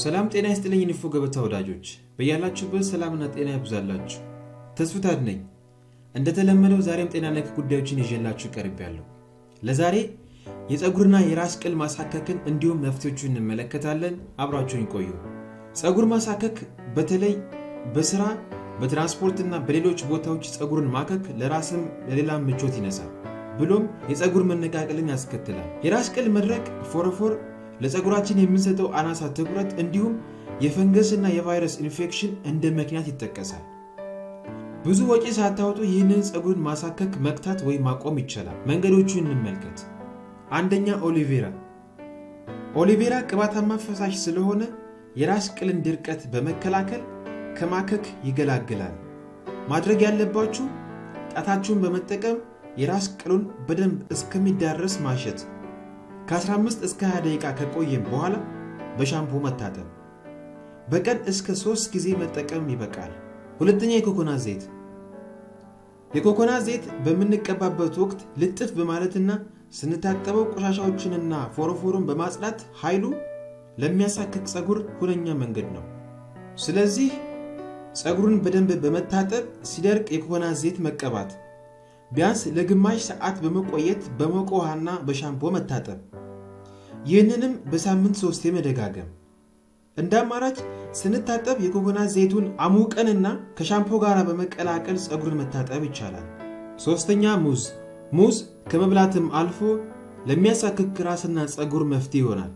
ሰላም ጤና ይስጥልኝ። ንፎ ገበታ ወዳጆች በያላችሁበት ሰላምና ጤና ያብዛላችሁ። ተስፉታድ ነኝ። እንደተለመደው ዛሬም ጤና ነክ ጉዳዮችን ይዤላችሁ ያለው ለዛሬ የፀጉርና የራስ ቅል ማሳከክን እንዲሁም መፍትሄዎቹን እንመለከታለን። አብራችሁን ይቆዩ ፀጉር ማሳከክ በተለይ በስራ በትራንስፖርትና በሌሎች ቦታዎች ፀጉርን ማከክ ለራስም ለሌላም ምቾት ይነሳል፣ ብሎም የፀጉር መነቃቀልን ያስከትላል። የራስ ቅል መድረቅ ፎረፎር ለፀጉራችን የምንሰጠው አናሳ ትኩረት እንዲሁም የፈንገስና የቫይረስ ኢንፌክሽን እንደ ምክንያት ይጠቀሳል። ብዙ ወጪ ሳታወጡ ይህንን ፀጉርን ማሳከክ መቅታት ወይም ማቆም ይቻላል። መንገዶቹ እንመልከት። አንደኛ ኦሊቬራ። ኦሊቬራ ቅባታማ ፈሳሽ ስለሆነ የራስ ቅልን ድርቀት በመከላከል ከማከክ ይገላግላል። ማድረግ ያለባችሁ ጣታችሁን በመጠቀም የራስ ቅሉን በደንብ እስከሚዳረስ ማሸት፣ ከ15 እስከ 20 ደቂቃ ከቆየም በኋላ በሻምፑ መታጠብ። በቀን እስከ 3 ጊዜ መጠቀም ይበቃል። ሁለተኛ የኮኮና ዘይት የኮኮና ዘይት በምንቀባበት ወቅት ልጥፍ በማለትና ስንታጠበው ቆሻሻዎችንና ፎሮፎሮን በማጽዳት ኃይሉ ለሚያሳክክ ጸጉር ሁነኛ መንገድ ነው። ስለዚህ ፀጉሩን በደንብ በመታጠብ ሲደርቅ የኮኮና ዘይት መቀባት፣ ቢያንስ ለግማሽ ሰዓት በመቆየት በሞቀ ውሃና በሻምፖ መታጠብ፣ ይህንንም በሳምንት ሶስቴ መደጋገም። እንደ አማራጭ ስንታጠብ የኮኮና ዘይቱን አሙቀንና ከሻምፖ ጋር በመቀላቀል ፀጉርን መታጠብ ይቻላል። ሶስተኛ ሙዝ። ሙዝ ከመብላትም አልፎ ለሚያሳክክ ራስና ፀጉር መፍትሄ ይሆናል።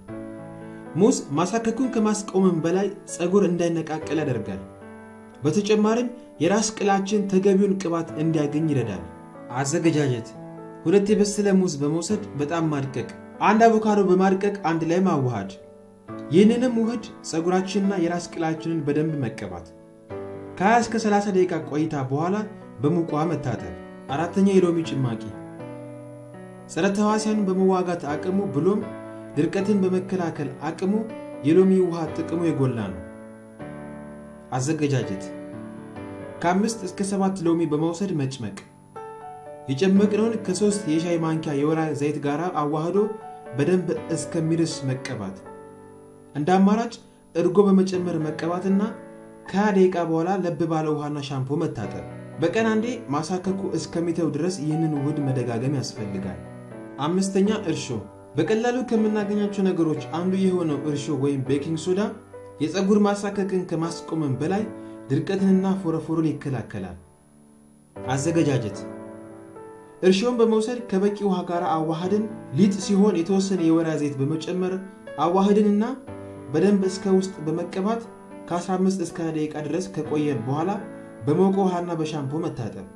ሙዝ ማሳከኩን ከማስቆምም በላይ ፀጉር እንዳይነቃቀል ያደርጋል። በተጨማሪም የራስ ቅላችን ተገቢውን ቅባት እንዲያገኝ ይረዳል። አዘገጃጀት ሁለት የበሰለ ሙዝ በመውሰድ በጣም ማድቀቅ፣ አንድ አቮካዶ በማድቀቅ አንድ ላይ ማዋሃድ። ይህንንም ውህድ ፀጉራችንና የራስ ቅላችንን በደንብ መቀባት። ከ20 እስከ 30 ደቂቃ ቆይታ በኋላ በሙቋ መታጠብ። አራተኛ የሎሚ ጭማቂ ጸረ ተዋሲያን በመዋጋት አቅሙ ብሎም ድርቀትን በመከላከል አቅሙ የሎሚ ውሃ ጥቅሙ የጎላ ነው። አዘገጃጀት ከአምስት እስከ ሰባት ሎሚ በመውሰድ መጭመቅ። የጨመቅነውን ከሶስት የሻይ ማንኪያ የወራ ዘይት ጋር አዋህዶ በደንብ እስከሚርስ መቀባት። እንደ አማራጭ እርጎ በመጨመር መቀባትና ከያ ደቂቃ በኋላ ለብ ባለ ውሃና ሻምፖ መታጠብ። በቀን አንዴ ማሳከኩ እስከሚተው ድረስ ይህንን ውህድ መደጋገም ያስፈልጋል። አምስተኛ እርሾ። በቀላሉ ከምናገኛቸው ነገሮች አንዱ የሆነው እርሾ ወይም ቤኪንግ ሶዳ የፀጉር ማሳከክን ከማስቆመን በላይ ድርቀትንና ፎረፎሮን ይከላከላል። አዘገጃጀት እርሾን በመውሰድ ከበቂ ውሃ ጋር አዋህድን ሊጥ ሲሆን የተወሰነ የወራ ዘይት በመጨመር አዋህድንና በደንብ እስከ ውስጥ በመቀባት ከ15 እስከ ደቂቃ ድረስ ከቆየን በኋላ በሞቀ ውሃና በሻምፖ መታጠብ።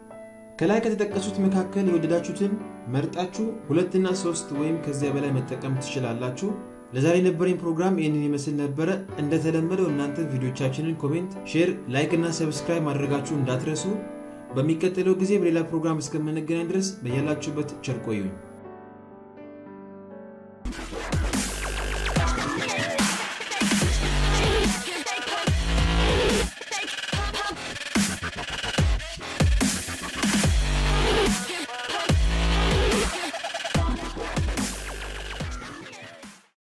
ከላይ ከተጠቀሱት መካከል የወደዳችሁትን መርጣችሁ ሁለትና ሶስት ወይም ከዚያ በላይ መጠቀም ትችላላችሁ። ለዛሬ የነበረኝ ፕሮግራም ይህንን ይመስል ነበረ። እንደተለመደው እናንተ ቪዲዮቻችንን ኮሜንት፣ ሼር፣ ላይክ እና ሰብስክራይብ ማድረጋችሁ እንዳትረሱ። በሚቀጥለው ጊዜ በሌላ ፕሮግራም እስከምንገናኝ ድረስ በያላችሁበት ቸር ቆዩኝ።